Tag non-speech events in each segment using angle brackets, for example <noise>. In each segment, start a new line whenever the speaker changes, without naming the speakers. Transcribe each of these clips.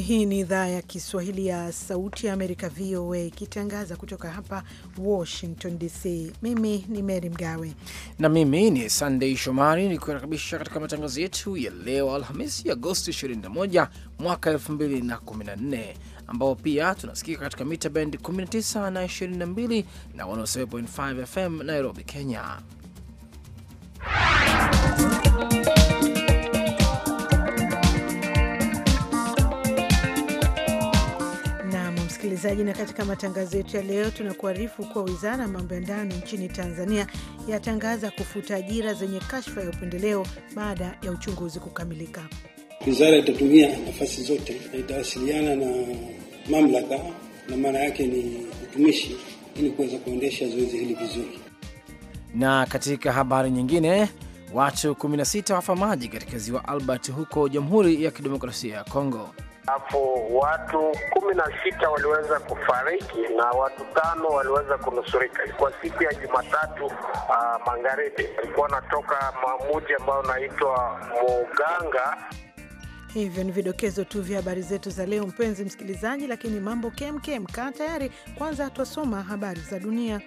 Hii ni idhaa ya Kiswahili ya Sauti ya Amerika, VOA, ikitangaza kutoka hapa Washington DC. Mimi ni Mary Mgawe
na mimi ni Sandei Shomari, nikukaribisha katika matangazo yetu ya leo Alhamisi, Agosti 21 mwaka 2014, ambao pia tunasikika katika mita bendi 19 na 22 na 107.5 FM Nairobi, Kenya.
msikilizaji, na katika matangazo yetu ya leo tunakuarifu kuwa wizara ya mambo ya ndani nchini Tanzania yatangaza kufuta ajira zenye kashfa ya upendeleo baada ya uchunguzi kukamilika.
Wizara itatumia nafasi zote na itawasiliana na mamlaka na maana yake ni utumishi ili kuweza kuendesha zoezi hili vizuri.
Na katika habari nyingine, watu 16 wafa maji katika ziwa Albert huko Jamhuri ya Kidemokrasia ya Kongo
hapo watu kumi na sita waliweza kufariki na watu tano waliweza kunusurika. Ilikuwa siku ya Jumatatu uh, magharibi, alikuwa anatoka mamuji ambayo unaitwa Muganga.
Hivyo ni vidokezo tu vya habari zetu za leo, mpenzi msikilizaji, lakini mambo kemkem. Kaa tayari, kwanza twasoma habari za dunia.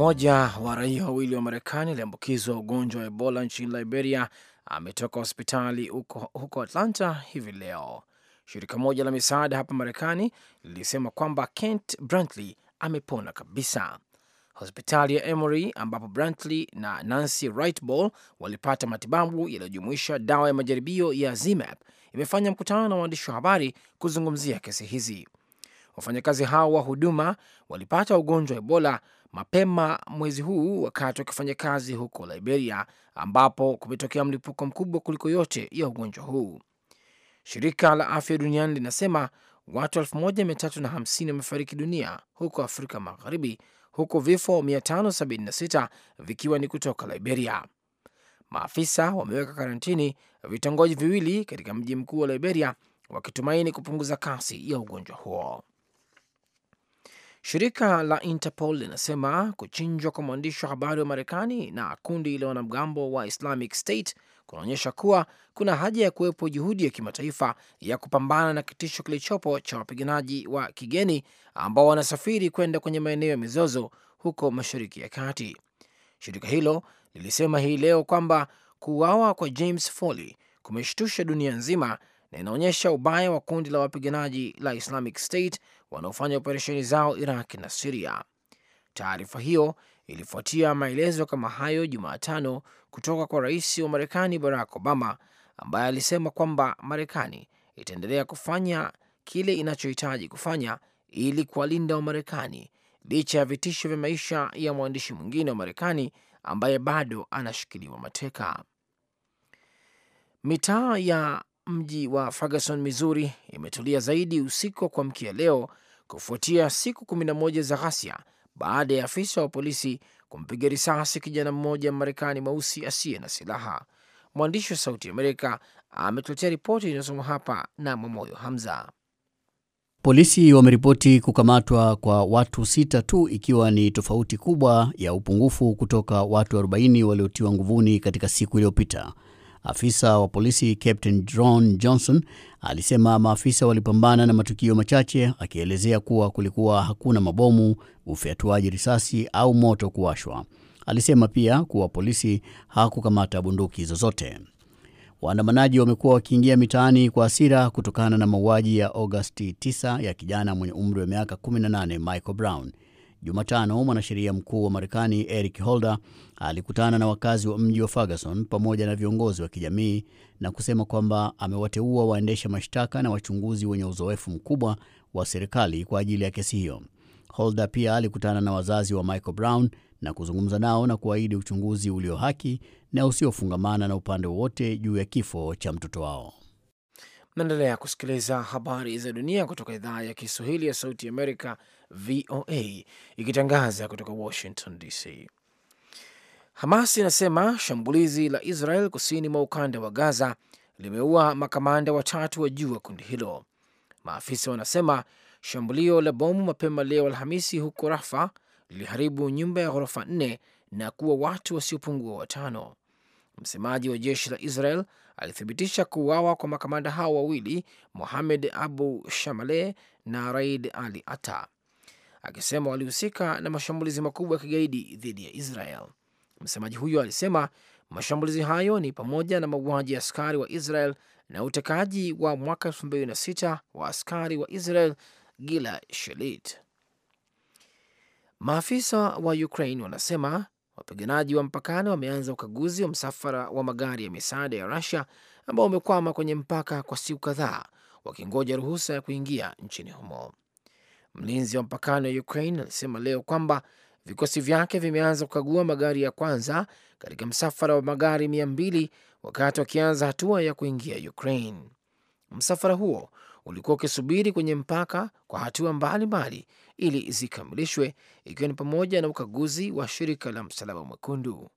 Mmoja wa raia wawili wa Marekani aliambukizwa ugonjwa wa Ebola nchini Liberia ametoka hospitali huko, huko Atlanta hivi leo. Shirika moja la misaada hapa Marekani lilisema kwamba Kent Brantley amepona kabisa. Hospitali ya Emory ambapo Brantley na Nancy Wrightball walipata matibabu yaliyojumuisha dawa ya majaribio ya ZMapp imefanya mkutano na waandishi wa habari kuzungumzia kesi hizi. Wafanyakazi hao wa huduma walipata ugonjwa wa Ebola mapema mwezi huu wakati wakifanya kazi huko Liberia, ambapo kumetokea mlipuko mkubwa kuliko yote ya ugonjwa huu. Shirika la Afya Duniani linasema watu 1350 wamefariki dunia huko Afrika Magharibi, huku vifo 576 vikiwa ni kutoka Liberia. Maafisa wameweka karantini vitongoji viwili katika mji mkuu wa Liberia, wakitumaini kupunguza kasi ya ugonjwa huo. Shirika la Interpol linasema kuchinjwa kwa mwandishi wa habari wa Marekani na kundi la wanamgambo wa Islamic State kunaonyesha kuwa kuna haja ya kuwepo juhudi ya kimataifa ya kupambana na kitisho kilichopo cha wapiganaji wa kigeni ambao wanasafiri kwenda kwenye maeneo ya mizozo huko Mashariki ya Kati. Shirika hilo lilisema hii leo kwamba kuuawa kwa James Foley kumeshtusha dunia nzima na inaonyesha ubaya wa kundi la wapiganaji la Islamic State wanaofanya operesheni zao Iraq na Siria. Taarifa hiyo ilifuatia maelezo kama hayo Jumatano kutoka kwa rais wa Marekani Barack Obama, ambaye alisema kwamba Marekani itaendelea kufanya kile inachohitaji kufanya ili kuwalinda Wamarekani licha ya vitisho vya maisha ya mwandishi mwingine wa Marekani ambaye bado anashikiliwa mateka. Mitaa ya mji wa Ferguson, Missouri imetulia zaidi usiku wa kuamkia leo kufuatia siku kumi na moja za ghasia baada ya afisa wa polisi kumpiga risasi kijana mmoja Marekani mweusi asiye na silaha. Mwandishi wa Sauti Amerika ametuletea ripoti inayosoma hapa na Mwamoyo Hamza.
Polisi wameripoti kukamatwa kwa watu sita tu ikiwa ni tofauti kubwa ya upungufu kutoka watu 40 waliotiwa nguvuni katika siku iliyopita. Afisa wa polisi Captain John Johnson alisema maafisa walipambana na matukio machache, akielezea kuwa kulikuwa hakuna mabomu, ufyatuaji risasi au moto kuwashwa. Alisema pia kuwa polisi hakukamata bunduki zozote. Waandamanaji wamekuwa wakiingia mitaani kwa hasira kutokana na mauaji ya Agosti 9 ya kijana mwenye umri wa miaka 18 Michael Brown. Jumatano, mwanasheria mkuu wa Marekani Eric Holder alikutana na wakazi wa mji wa Ferguson pamoja na viongozi wa kijamii na kusema kwamba amewateua waendesha mashtaka na wachunguzi wenye uzoefu mkubwa wa serikali kwa ajili ya kesi hiyo. Holder pia alikutana na wazazi wa Michael Brown na kuzungumza nao na kuahidi uchunguzi ulio haki na usiofungamana na upande wowote juu ya kifo cha mtoto wao.
Naendelea kusikiliza habari za dunia kutoka idhaa ya Kiswahili ya Sauti Amerika, VOA, ikitangaza kutoka Washington DC. Hamas inasema shambulizi la Israel kusini mwa ukanda wa Gaza limeua makamanda watatu wa juu wa kundi hilo. Maafisa wanasema shambulio la bomu mapema leo Alhamisi huko Rafa liliharibu nyumba ya ghorofa nne na kuwa watu wasiopungua watano. Msemaji wa jeshi la Israel alithibitisha kuuawa kwa makamanda hao wawili Mohamed Abu shamale na Raid Ali Ata, akisema walihusika na mashambulizi makubwa ya kigaidi dhidi ya Israel. Msemaji huyo alisema mashambulizi hayo ni pamoja na mauaji ya askari wa Israel na utekaji wa mwaka 26 wa askari wa Israel Gila shelit Maafisa wa Ukraine wanasema wapiganaji wa mpakani wameanza ukaguzi wa msafara wa magari ya misaada ya Rusia ambao wamekwama kwenye mpaka kwa siku kadhaa wakingoja ruhusa ya kuingia nchini humo. Mlinzi wa mpakani wa Ukraine alisema leo kwamba vikosi vyake vimeanza kukagua magari ya kwanza katika msafara wa magari mia mbili wakati wakianza hatua ya kuingia Ukraine. Msafara huo ulikuwa ukisubiri kwenye mpaka kwa hatua mbalimbali ili zikamilishwe, ikiwa ni pamoja na ukaguzi wa shirika la Msalaba Mwekundu.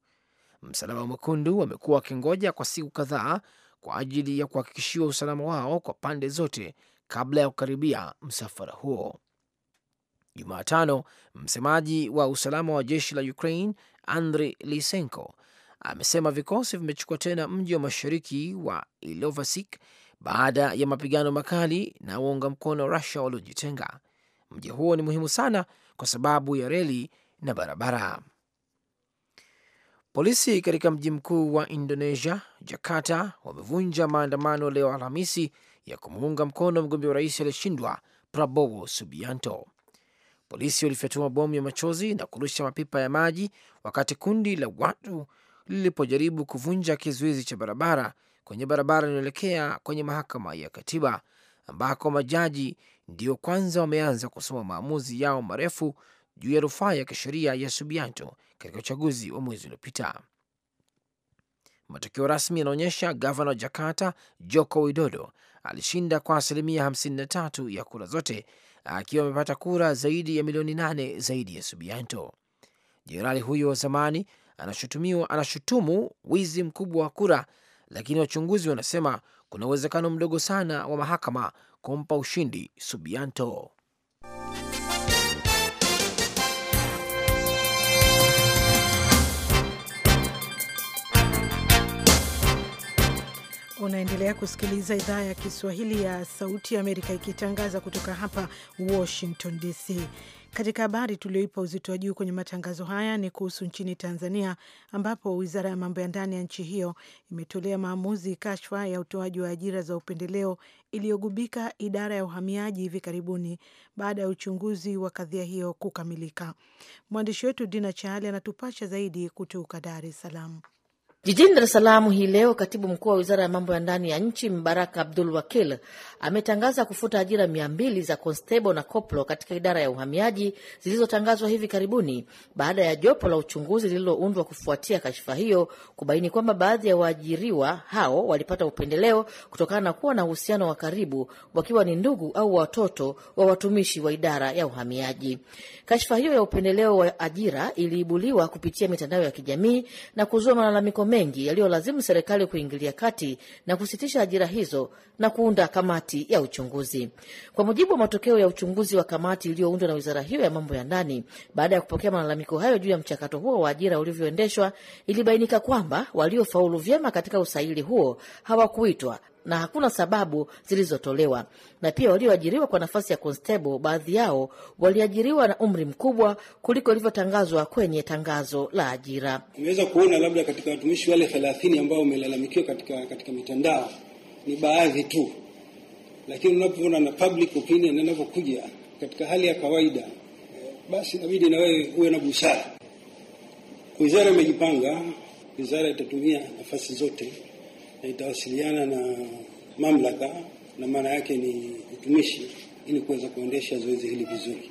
Msalaba Mwekundu wamekuwa wakingoja kwa siku kadhaa kwa ajili ya kuhakikishiwa usalama wao kwa pande zote kabla ya kukaribia msafara huo. Jumatano, msemaji wa usalama wa jeshi la Ukraine Andri Lisenko amesema vikosi vimechukua tena mji wa mashariki wa Ilovasik baada ya mapigano makali na waunga mkono Rusia waliojitenga. Mji huo ni muhimu sana kwa sababu ya reli na barabara. Polisi katika mji mkuu wa Indonesia, Jakarta, wamevunja maandamano leo Alhamisi ya kumuunga mkono mgombea wa rais aliyeshindwa Prabowo Subianto. Polisi walifyatua mabomu ya machozi na kurusha mapipa ya maji wakati kundi la watu lilipojaribu kuvunja kizuizi cha barabara kwenye barabara inayoelekea kwenye mahakama ya katiba ambako majaji ndiyo kwanza wameanza kusoma maamuzi yao marefu juu ya rufaa ya kisheria ya Subianto katika uchaguzi wa mwezi uliopita. Matokeo rasmi yanaonyesha gavana wa Jakarta Joko Widodo alishinda kwa asilimia 53 ya kura zote akiwa amepata kura zaidi ya milioni nane zaidi ya Subianto. Jenerali huyo wa zamani anashutumu wizi mkubwa wa kura lakini wachunguzi wanasema kuna uwezekano mdogo sana wa mahakama kumpa ushindi Subianto.
Unaendelea kusikiliza idhaa ya Kiswahili ya Sauti ya Amerika ikitangaza kutoka hapa Washington DC. Katika habari tulioipa uzito wa juu kwenye matangazo haya ni kuhusu nchini Tanzania, ambapo wizara ya mambo ya ndani ya nchi hiyo imetolea maamuzi kashfa ya utoaji wa ajira za upendeleo iliyogubika idara ya uhamiaji hivi karibuni baada ya uchunguzi wa kadhia hiyo kukamilika. Mwandishi wetu Dina Chaali anatupasha zaidi
kutoka Dar es Salaam. Jijini Dar es Salaam hii leo, katibu mkuu wa wizara ya mambo ya ndani ya nchi Mbaraka Abdul Wakil ametangaza kufuta ajira mia mbili za konstebo na koplo katika idara ya uhamiaji zilizotangazwa hivi karibuni baada ya jopo la uchunguzi lililoundwa kufuatia kashfa hiyo kubaini kwamba baadhi ya waajiriwa hao walipata upendeleo kutokana na kuwa na uhusiano wa karibu, wakiwa ni ndugu au watoto wa watumishi wa idara ya uhamiaji. Kashfa hiyo ya upendeleo wa ajira iliibuliwa kupitia mitandao ya kijamii na kuzua malalamiko mengi yaliyolazimu serikali kuingilia kati na kusitisha ajira hizo na kuunda kamati ya uchunguzi. Kwa mujibu wa matokeo ya uchunguzi wa kamati iliyoundwa na wizara hiyo ya mambo ya ndani, baada ya kupokea malalamiko hayo juu ya mchakato huo wa ajira ulivyoendeshwa, ilibainika kwamba waliofaulu vyema katika usaili huo hawakuitwa na hakuna sababu zilizotolewa. Na pia walioajiriwa kwa nafasi ya konstebo, baadhi yao waliajiriwa na umri mkubwa kuliko ilivyotangazwa kwenye tangazo la ajira.
Tumeweza kuona labda katika watumishi wale thelathini ambao wamelalamikiwa katika, katika mitandao ni baadhi tu, lakini unapoona na public opinion inavyokuja katika hali ya kawaida, basi inabidi na wewe uwe na busara. Wizara imejipanga, wizara itatumia nafasi zote itawasiliana na mamlaka na maana yake ni utumishi ili kuweza kuendesha zoezi hili vizuri.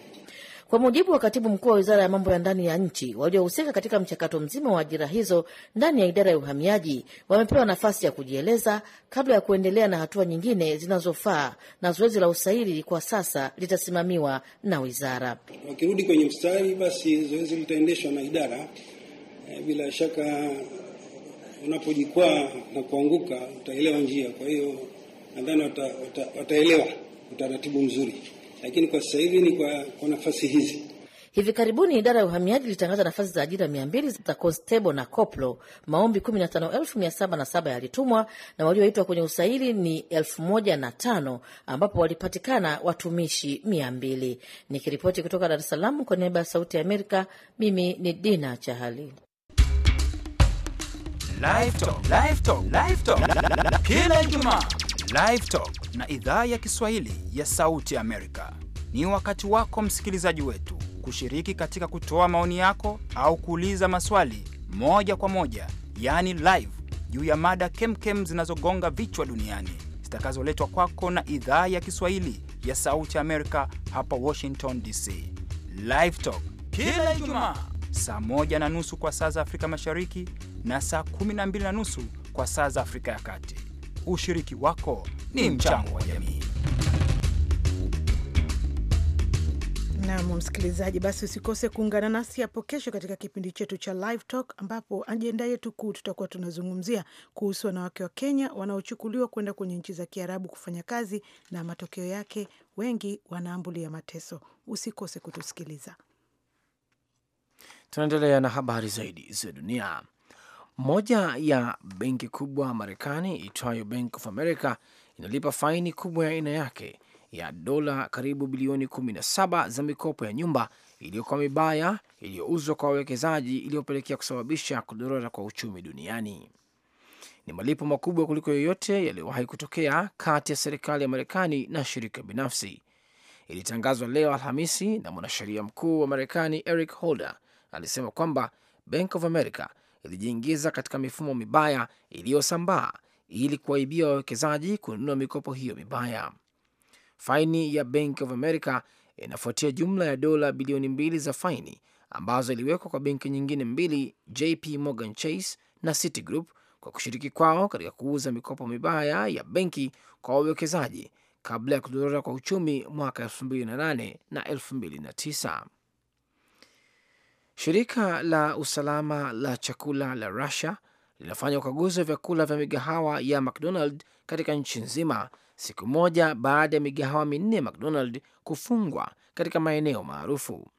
Kwa mujibu wa katibu mkuu wa wizara ya mambo ya ndani ya nchi, waliohusika katika mchakato mzima wa ajira hizo ndani ya idara ya uhamiaji wamepewa nafasi ya kujieleza kabla ya kuendelea na hatua nyingine zinazofaa, na zoezi la usaili kwa sasa litasimamiwa na wizara.
Wakirudi kwenye mstari, basi zoezi litaendeshwa na idara. Eh, bila shaka unapojikwaa na kuanguka utaelewa njia. Kwa hiyo nadhani wataelewa utaratibu mzuri, lakini kwa sasa hivi ni kwa,
kwa nafasi hizi. Hivi karibuni idara ya uhamiaji ilitangaza nafasi za ajira mia mbili za konstebo na koplo. Maombi kumi na tano elfu mia saba na saba yalitumwa na walioitwa kwenye usaili ni elfu moja na tano ambapo walipatikana watumishi mia mbili. Nikiripoti kutoka Dar es Salaam kwa niaba ya Sauti ya Amerika, mimi ni Dina Chahali.
Kila Ijumaa Live Talk na idhaa ya Kiswahili ya Sauti Amerika. Ni wakati wako msikilizaji wetu kushiriki katika kutoa maoni yako au kuuliza maswali moja kwa moja, yani live, juu ya mada kemkem zinazogonga vichwa duniani zitakazoletwa kwako na idhaa ya Kiswahili ya Sauti Amerika hapa Washington DC. livetok kila Ijumaa saa moja na nusu kwa saa za Afrika Mashariki na saa kumi na mbili na nusu kwa saa za Afrika ya Kati. Ushiriki wako
ni mchango wa
jamii.
Nam msikilizaji, basi usikose kuungana nasi hapo kesho katika kipindi chetu cha Live Talk, ambapo ajenda yetu kuu tutakuwa tunazungumzia kuhusu wanawake wa Kenya wanaochukuliwa kwenda kwenye nchi za Kiarabu kufanya kazi na matokeo yake wengi wanaambulia ya mateso. Usikose kutusikiliza.
Tunaendelea na habari zaidi za dunia. Moja ya benki kubwa Marekani itwayo Bank of America inalipa faini kubwa ya aina yake ya dola karibu bilioni 17 za mikopo ya nyumba iliyokuwa mibaya iliyouzwa kwa wawekezaji iliyopelekea kusababisha kudorora kwa uchumi duniani. Ni malipo makubwa kuliko yoyote yaliyowahi kutokea kati ya serikali ya Marekani na shirika binafsi. Ilitangazwa leo Alhamisi na mwanasheria mkuu wa Marekani Eric Holder alisema kwamba Bank of America ilijiingiza katika mifumo mibaya iliyosambaa ili kuwaibia wawekezaji kununua mikopo hiyo mibaya. Faini ya Bank of America inafuatia jumla ya dola bilioni mbili za faini ambazo iliwekwa kwa benki nyingine mbili, JP Morgan Chase na Citigroup kwa kushiriki kwao katika kuuza mikopo mibaya ya benki kwa wawekezaji kabla ya kudorora kwa uchumi mwaka 2008 na 2009. Shirika la usalama la chakula la Rusia linafanya ukaguzi wa vyakula vya migahawa ya McDonald katika nchi nzima, siku moja baada ya migahawa minne ya McDonald kufungwa katika maeneo maarufu.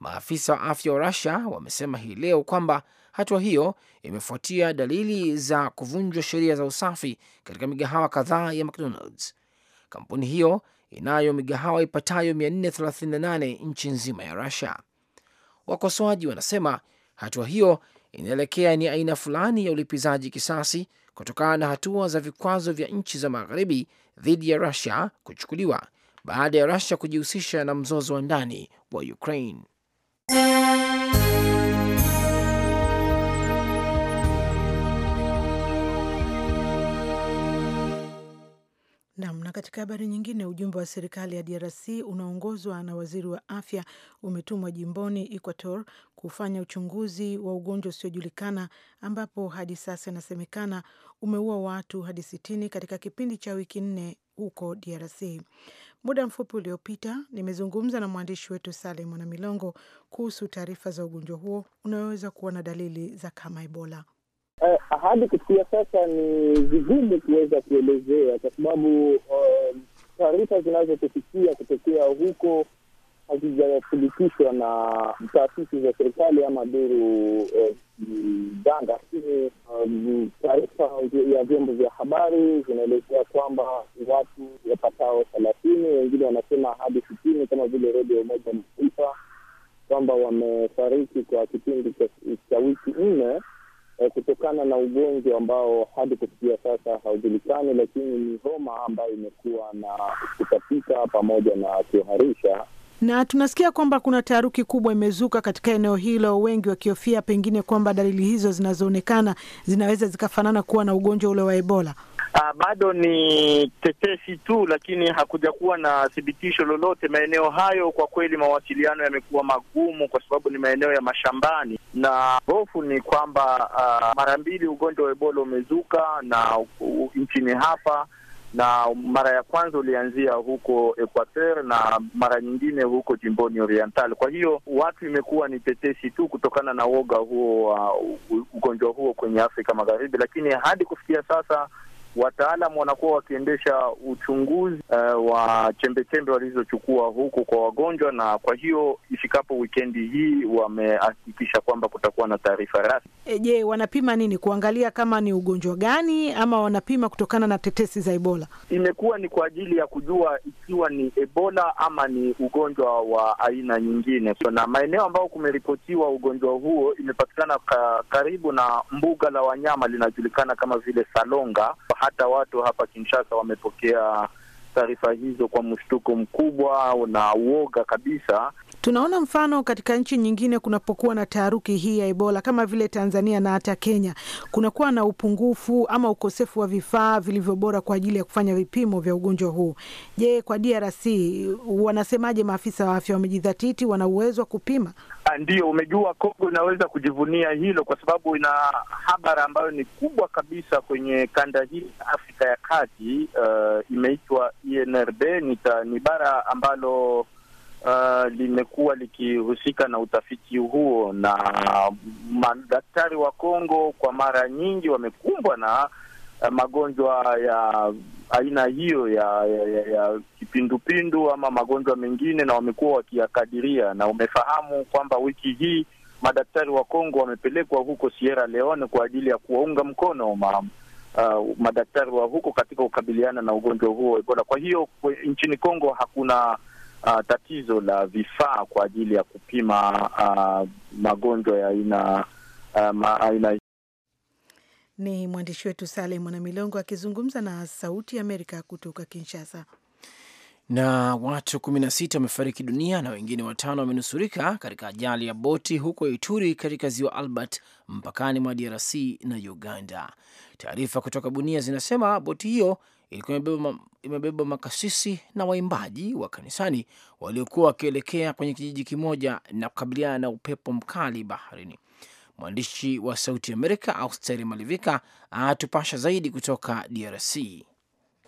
Maafisa wa afya wa Rusia wamesema hii leo kwamba hatua hiyo imefuatia dalili za kuvunjwa sheria za usafi katika migahawa kadhaa ya McDonald's. Kampuni hiyo inayo migahawa ipatayo 438 nchi nzima ya Rusia wakosoaji wanasema hatua hiyo inaelekea ni aina fulani ya ulipizaji kisasi kutokana na hatua za vikwazo vya nchi za magharibi dhidi ya Rusia kuchukuliwa baada ya Rusia kujihusisha na mzozo wa ndani wa Ukraine.
Nam. Na katika habari nyingine, ujumbe wa serikali ya DRC unaongozwa na waziri wa afya umetumwa jimboni Equator kufanya uchunguzi wa ugonjwa usiojulikana ambapo hadi sasa inasemekana umeua watu hadi sitini katika kipindi cha wiki nne huko DRC. Muda mfupi uliopita nimezungumza na mwandishi wetu Sale Mwanamilongo kuhusu taarifa za ugonjwa huo unaoweza kuwa na dalili za kama Ebola.
Eh, hadi kufikia sasa ni vigumu kuweza kuelezea kwa sababu um, taarifa zinazotufikia kutokea huko hazijathibitishwa na taasisi za serikali ama duru janga eh, lakini um, taarifa ya vyombo vya habari zinaelezea kwamba watu wapatao thelathini, wengine wanasema hadi sitini, kama vile redio ya Umoja Mataifa kwamba wamefariki kwa kipindi cha wiki nne eh, kutokana na ugonjwa ambao hadi kufikia sasa haujulikani, lakini ni homa ambayo imekuwa na kutapika pamoja na kuharisha
na tunasikia kwamba kuna taharuki kubwa imezuka katika eneo hilo, wengi wakihofia pengine kwamba dalili hizo zinazoonekana zinaweza zikafanana kuwa na ugonjwa ule wa Ebola
uh, bado ni tetesi tu, lakini hakuja kuwa na thibitisho lolote. Maeneo hayo kwa kweli mawasiliano yamekuwa magumu, kwa sababu ni maeneo ya mashambani, na hofu ni kwamba uh, mara mbili ugonjwa wa Ebola umezuka na nchini hapa na mara ya kwanza ulianzia huko Equateur na mara nyingine huko jimboni Oriental. Kwa hiyo watu imekuwa ni tetesi tu kutokana na woga huo wa uh, ugonjwa huo kwenye Afrika Magharibi, lakini hadi kufikia sasa wataalam wanakuwa wakiendesha uchunguzi uh, wa chembechembe walizochukua huku kwa wagonjwa, na kwa hiyo ifikapo wikendi hii wamehakikisha kwamba kutakuwa na taarifa rasmi.
E, je, wanapima nini? Kuangalia kama ni ugonjwa gani, ama wanapima kutokana na tetesi za Ebola?
Imekuwa ni kwa ajili ya kujua ikiwa ni Ebola ama ni ugonjwa wa aina nyingine. So, na maeneo ambayo kumeripotiwa ugonjwa huo imepatikana ka, karibu na mbuga la wanyama linajulikana kama vile Salonga hata watu hapa Kinshasa wamepokea taarifa hizo kwa mshtuko mkubwa na uoga kabisa,
Tunaona mfano katika nchi nyingine kunapokuwa na taharuki hii ya Ebola kama vile Tanzania na hata Kenya, kunakuwa na upungufu ama ukosefu wa vifaa vilivyobora kwa ajili ya kufanya vipimo vya ugonjwa huu. Je, kwa DRC wanasemaje? Maafisa wa afya wamejidhatiti, wana uwezo wa kupima?
Ah, ndio umejua Kongo inaweza kujivunia hilo kwa sababu ina habara ambayo ni kubwa kabisa kwenye kanda hii ya Afrika ya Kati. Uh, imeitwa INRB, ni bara ambalo uh, limekuwa likihusika na utafiti huo, na madaktari wa Kongo kwa mara nyingi wamekumbwa na uh, magonjwa ya aina hiyo ya, ya, ya, ya kipindupindu ama magonjwa mengine, na wamekuwa wakiyakadiria, na umefahamu kwamba wiki hii madaktari wa Kongo wamepelekwa huko Sierra Leone kwa ajili ya kuwaunga mkono ma, uh, madaktari wa huko katika kukabiliana na ugonjwa huo Ebola. Kwa hiyo nchini Kongo hakuna uh, tatizo la vifaa kwa ajili ya kupima uh, magonjwa ya aina uh,
aina.
Ni mwandishi wetu Saleh Mwanamilongo akizungumza na Sauti ya Amerika kutoka Kinshasa
na watu 16 wamefariki dunia na wengine watano wamenusurika katika ajali ya boti huko Ituri katika ziwa Albert mpakani mwa DRC na Uganda. Taarifa kutoka Bunia zinasema boti hiyo ilikuwa imebeba makasisi na waimbaji wa kanisani waliokuwa wakielekea kwenye kijiji kimoja na kukabiliana na upepo mkali baharini. Mwandishi wa Sauti Amerika Austeri Malivika anatupasha zaidi kutoka DRC.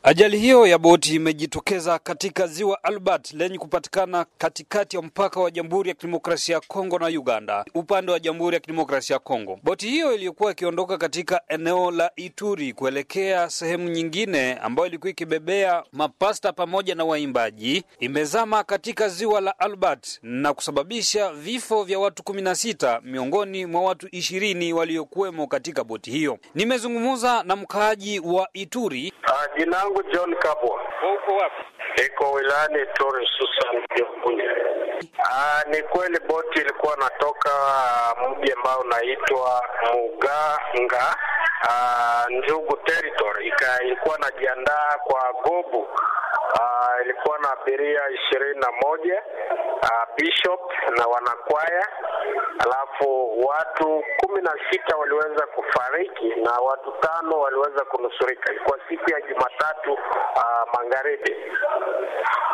Ajali hiyo ya boti imejitokeza katika ziwa Albert lenye kupatikana katikati
ya mpaka wa Jamhuri ya Kidemokrasia ya Kongo na Uganda, upande wa Jamhuri ya Kidemokrasia ya Kongo. Boti hiyo iliyokuwa ikiondoka katika eneo la Ituri kuelekea sehemu nyingine ambayo ilikuwa ikibebea mapasta pamoja na waimbaji imezama katika ziwa la Albert na kusababisha vifo vya watu kumi na sita miongoni mwa watu ishirini waliokuwemo katika boti hiyo. Nimezungumza na mkaaji wa Ituri
Ajina. Ah, langu John Kabwa. Uko wapi? Niko wilani Ituri, hususan Kiungunya. Ah, ni kweli boti ilikuwa natoka ah, mji ambao unaitwa Muganga uh, Njugu territory ilikuwa najiandaa kwa gobu uh, ilikuwa na abiria ishirini na moja uh, bishop na wanakwaya, alafu watu kumi na sita waliweza kufariki na watu tano waliweza kunusurika. Ilikuwa siku ya Jumatatu uh, magharibi.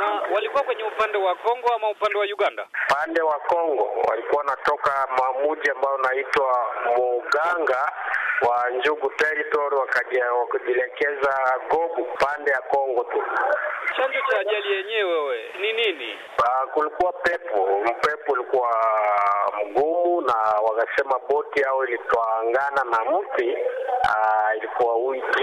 Na walikuwa kwenye upande wa Kongo ama upande wa Uganda? Upande wa Kongo, walikuwa wanatoka mamuji ambayo unaitwa Muganga wa Njugu territory wakaja wakajielekeza Gobu pande ya Kongo tu. Chanzo cha ajali yenyewe ni nini? Uh, kulikuwa pepo, mpepo ulikuwa mgumu, na wakasema boti yao ilitwangana na mti uh, ilikuwa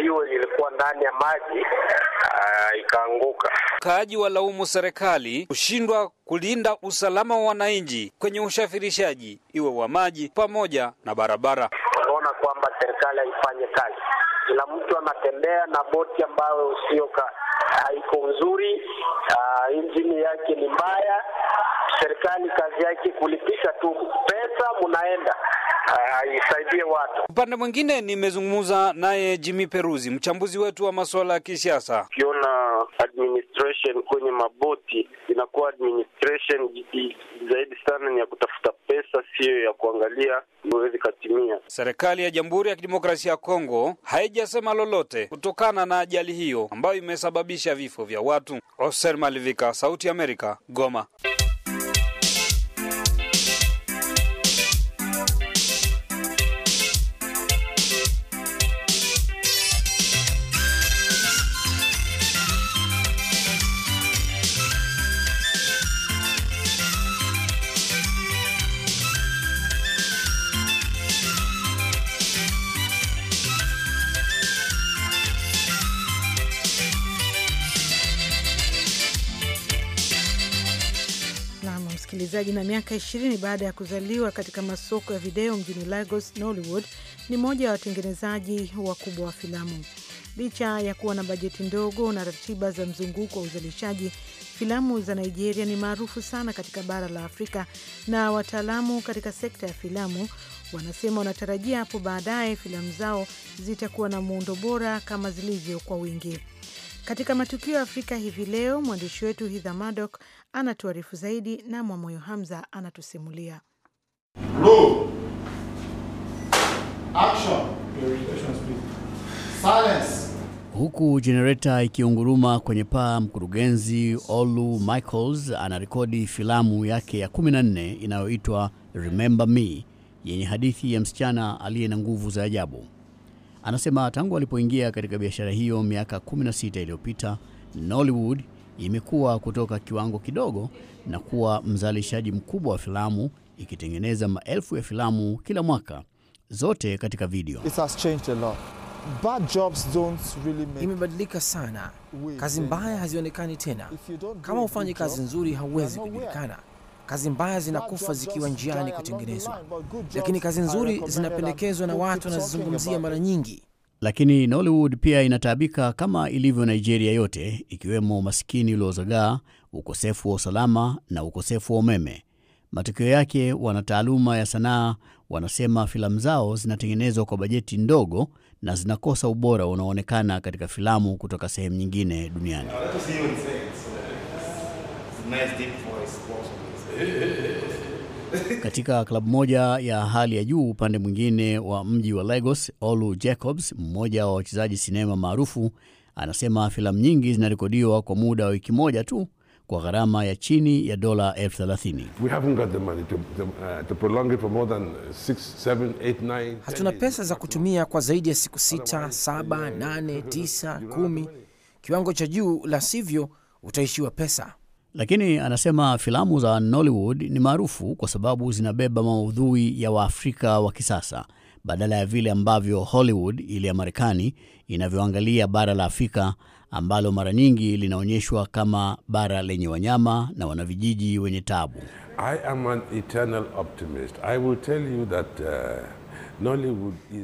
jiwe lilikuwa ndani ya maji uh, ikaanguka.
Kaaji walaumu serikali kushindwa kulinda usalama wa wananchi kwenye usafirishaji iwe wa maji pamoja na barabara
serikali. Kila mtu anatembea na boti ambayo sio haiko nzuri, uh, injini yake ni mbaya. Serikali kazi yake kulipisha tu pesa, munaenda ah, isaidie uh,
watu. Upande mwingine, nimezungumza naye Jimmy Peruzi, mchambuzi wetu wa masuala ya kisiasa.
Ukiona admin administration kwenye maboti inakuwa administration
zaidi sana ni ya kutafuta pesa, siyo ya kuangalia iwezi katimia.
Serikali ya Jamhuri ya Kidemokrasia ya Kongo haijasema lolote kutokana na ajali hiyo ambayo imesababisha vifo vya watu. Oser Malivika, Sauti ya Amerika, Goma.
msikilizaji, na miaka 20 baada ya kuzaliwa katika masoko ya video mjini Lagos, Nollywood ni mmoja ya watengenezaji wakubwa wa filamu. Licha ya kuwa na bajeti ndogo na ratiba za mzunguko wa uzalishaji, filamu za Nigeria ni maarufu sana katika bara la Afrika, na wataalamu katika sekta ya filamu wanasema wanatarajia hapo baadaye filamu zao zitakuwa na muundo bora kama zilivyo kwa wingi. Katika matukio ya Afrika hivi leo, mwandishi wetu Hidha Madok anatuarifu zaidi na Mwamoyo Hamza anatusimulia.
Huku jenereta ikiunguruma kwenye paa, mkurugenzi Olu Michaels anarekodi filamu yake ya 14 inayoitwa Remember Me yenye hadithi ya msichana aliye na nguvu za ajabu. Anasema tangu alipoingia katika biashara hiyo miaka 16 iliyopita, Nollywood imekuwa kutoka kiwango kidogo na kuwa mzalishaji mkubwa wa filamu ikitengeneza maelfu ya filamu kila mwaka, zote katika video. It has changed a lot. Bad jobs don't really make... Imebadilika sana,
kazi mbaya hazionekani tena. Kama hufanyi kazi nzuri, hauwezi kujulikana kazi mbaya zinakufa zikiwa njiani kutengenezwa, lakini kazi nzuri zinapendekezwa na watu wanazizungumzia mara nyingi.
Lakini Nollywood pia inataabika kama ilivyo Nigeria yote, ikiwemo umasikini uliozagaa, ukosefu wa usalama na ukosefu wa umeme. Matokeo yake, wanataaluma ya sanaa wanasema filamu zao zinatengenezwa kwa bajeti ndogo na zinakosa ubora unaoonekana katika filamu kutoka sehemu nyingine duniani.
<laughs>
Katika klabu moja ya hali ya juu upande mwingine wa mji wa Lagos, Olu Jacobs, mmoja wa wachezaji sinema maarufu, anasema filamu nyingi zinarekodiwa kwa muda wa wiki moja tu kwa gharama ya chini ya dola elfu thelathini.
Uh, Hatuna
pesa za kutumia kwa zaidi ya siku sita, saba, eh, nane, <laughs> tisa, kumi, kiwango cha juu, la sivyo utaishiwa pesa
lakini anasema filamu za Nollywood ni maarufu kwa sababu zinabeba maudhui ya Waafrika wa kisasa badala ya vile ambavyo Hollywood ili ya Marekani inavyoangalia bara la Afrika ambalo mara nyingi linaonyeshwa kama bara lenye wanyama na wanavijiji wenye tabu
uh,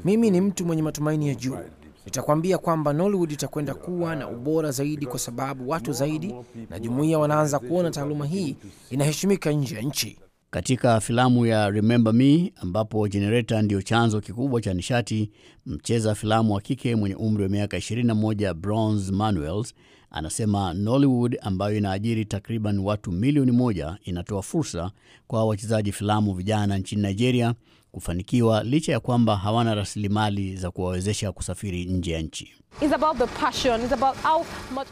Mimi ni mtu mwenye matumaini ya juu nitakwambia kwamba Nollywood itakwenda kuwa na ubora zaidi, kwa sababu watu zaidi na jumuiya wanaanza kuona taaluma hii inaheshimika nje ya
nchi. Katika filamu ya Remember Me ambapo jenereta ndiyo chanzo kikubwa cha nishati, mcheza filamu wa kike mwenye umri wa miaka 21 Bronze Manuels anasema Nollywood ambayo inaajiri takriban watu milioni moja inatoa fursa kwa wachezaji filamu vijana nchini Nigeria kufanikiwa licha ya kwamba hawana rasilimali za kuwawezesha kusafiri nje ya nchi.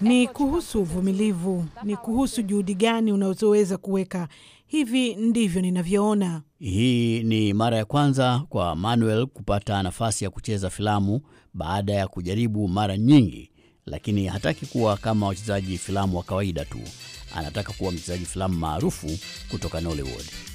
Ni kuhusu uvumilivu, ni kuhusu juhudi gani unazoweza kuweka. Hivi ndivyo ninavyoona.
Hii ni mara ya kwanza kwa Manuel kupata nafasi ya kucheza filamu baada ya kujaribu mara nyingi, lakini hataki kuwa kama wachezaji filamu wa kawaida tu. Anataka kuwa mchezaji filamu maarufu kutoka Nollywood.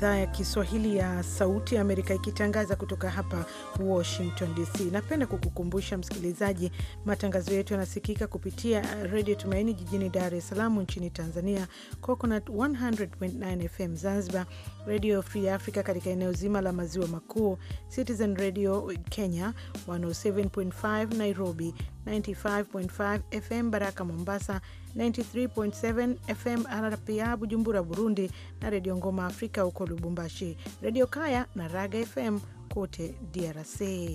idhaa ya Kiswahili ya Sauti ya Amerika ikitangaza kutoka hapa Washington DC. Napenda kukukumbusha msikilizaji, matangazo yetu yanasikika kupitia Redio Tumaini jijini Dar es Salaam nchini Tanzania, Coconut 100.9 FM Zanzibar, Redio Free Africa katika eneo zima la maziwa makuu, Citizen Radio Kenya 107.5 Nairobi 95.5 FM Baraka Mombasa, 93.7 FM RPA Bujumbura Burundi, na Redio Ngoma Afrika huko Lubumbashi, Redio Kaya na Raga FM kote DRC.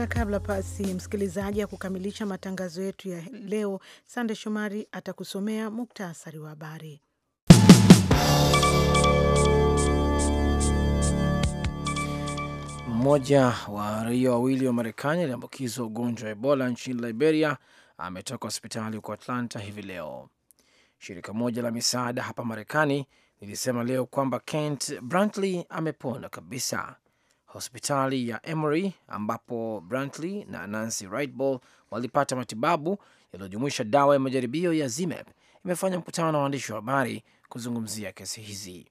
na kabla pasi msikilizaji ya kukamilisha matangazo yetu ya leo, Sande Shomari atakusomea muktasari wa habari.
Mmoja wa raia wawili wa Marekani aliambukizwa ugonjwa wa Ebola nchini Liberia ametoka hospitali huko Atlanta hivi leo. Shirika moja la misaada hapa Marekani lilisema leo kwamba Kent brantly amepona kabisa hospitali ya Emory ambapo Brantley na Nancy Rightball walipata matibabu yaliyojumuisha dawa ya majaribio ya ZMapp imefanya mkutano na waandishi wa habari kuzungumzia kesi hizi.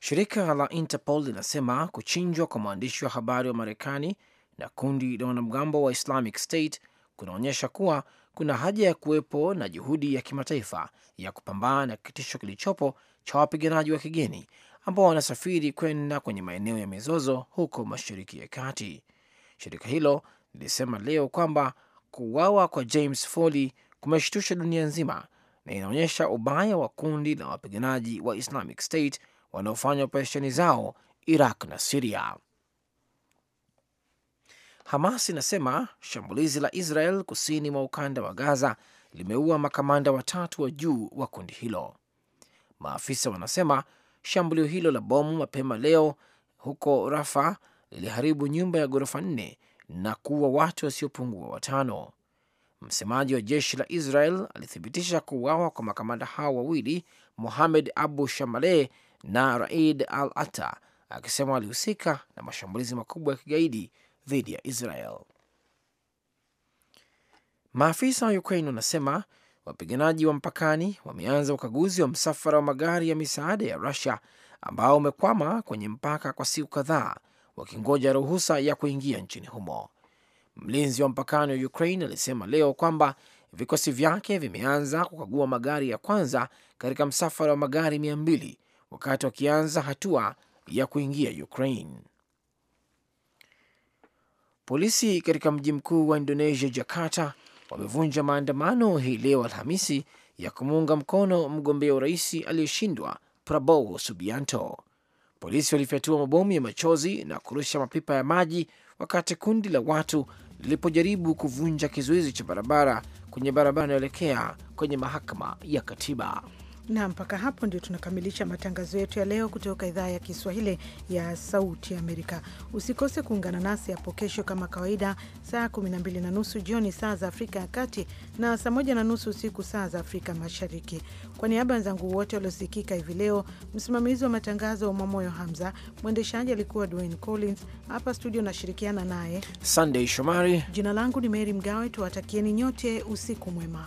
Shirika la Interpol linasema kuchinjwa kwa mwandishi wa habari wa Marekani na kundi la wanamgambo wa Islamic State kunaonyesha kuwa kuna haja ya kuwepo na juhudi ya kimataifa ya kupambana na kitisho kilichopo cha wapiganaji wa kigeni ambao wanasafiri kwenda kwenye maeneo ya mizozo huko Mashariki ya Kati. Shirika hilo lilisema leo kwamba kuuawa kwa James Foley kumeshtusha dunia nzima na inaonyesha ubaya wa kundi la wapiganaji wa Islamic State wanaofanya operesheni zao Iraq na Siria. Hamas inasema shambulizi la Israel kusini mwa ukanda wa Gaza limeua makamanda watatu wa juu wa kundi hilo. Maafisa wanasema Shambulio hilo la bomu mapema leo huko Rafa liliharibu nyumba ya ghorofa nne na kuwa watu wasiopungua wa watano. Msemaji wa jeshi la Israel alithibitisha kuuawa kwa makamanda hao wawili, Mohamed Abu Shamaleh na Raid Al Ata, akisema walihusika na mashambulizi makubwa ya kigaidi dhidi ya Israel. Maafisa wa Ukraine wanasema wapiganaji wa mpakani wameanza ukaguzi wa msafara wa magari ya misaada ya Rusia ambao umekwama kwenye mpaka kwa siku kadhaa wakingoja ruhusa ya kuingia nchini humo. Mlinzi wa mpakani wa Ukraine alisema leo kwamba vikosi vyake vimeanza kukagua magari ya kwanza katika msafara wa magari mia mbili wakati wakianza hatua ya kuingia Ukraine. Polisi katika mji mkuu wa Indonesia, Jakarta, wamevunja maandamano hii leo Alhamisi ya kumuunga mkono mgombea urais aliyeshindwa Prabowo Subianto. Polisi walifyatua mabomu ya machozi na kurusha mapipa ya maji wakati kundi la watu lilipojaribu kuvunja kizuizi cha barabara kwenye barabara inayoelekea kwenye mahakama ya katiba
na mpaka hapo ndio tunakamilisha matangazo yetu ya leo kutoka idhaa ya Kiswahili ya Sauti Amerika. Usikose kuungana nasi hapo kesho kama kawaida, saa 12 na nusu jioni saa za Afrika ya Kati na saa moja na nusu usiku saa za Afrika Mashariki. Kwa niaba ya wenzangu wote waliosikika hivi leo, msimamizi wa matangazo Mwamoyo Hamza, mwendeshaji alikuwa Dwayne Collins, hapa studio nashirikiana naye
Sunday Shomari.
Jina langu ni Mary Mgawe, tuwatakieni nyote usiku mwema.